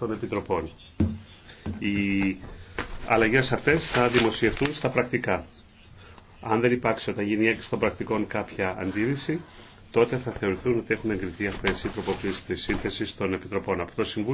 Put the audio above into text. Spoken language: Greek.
των Επιτροπών. Οι αλλαγές αυτές θα δημοσιευτούν στα πρακτικά. Αν δεν υπάρξει όταν γίνει έξω των πρακτικών κάποια αντίρρηση, τότε θα θεωρηθούν ότι έχουν εγκριθεί αυτές οι τροποποίησεις της σύνθεσης των Επιτροπών. Από το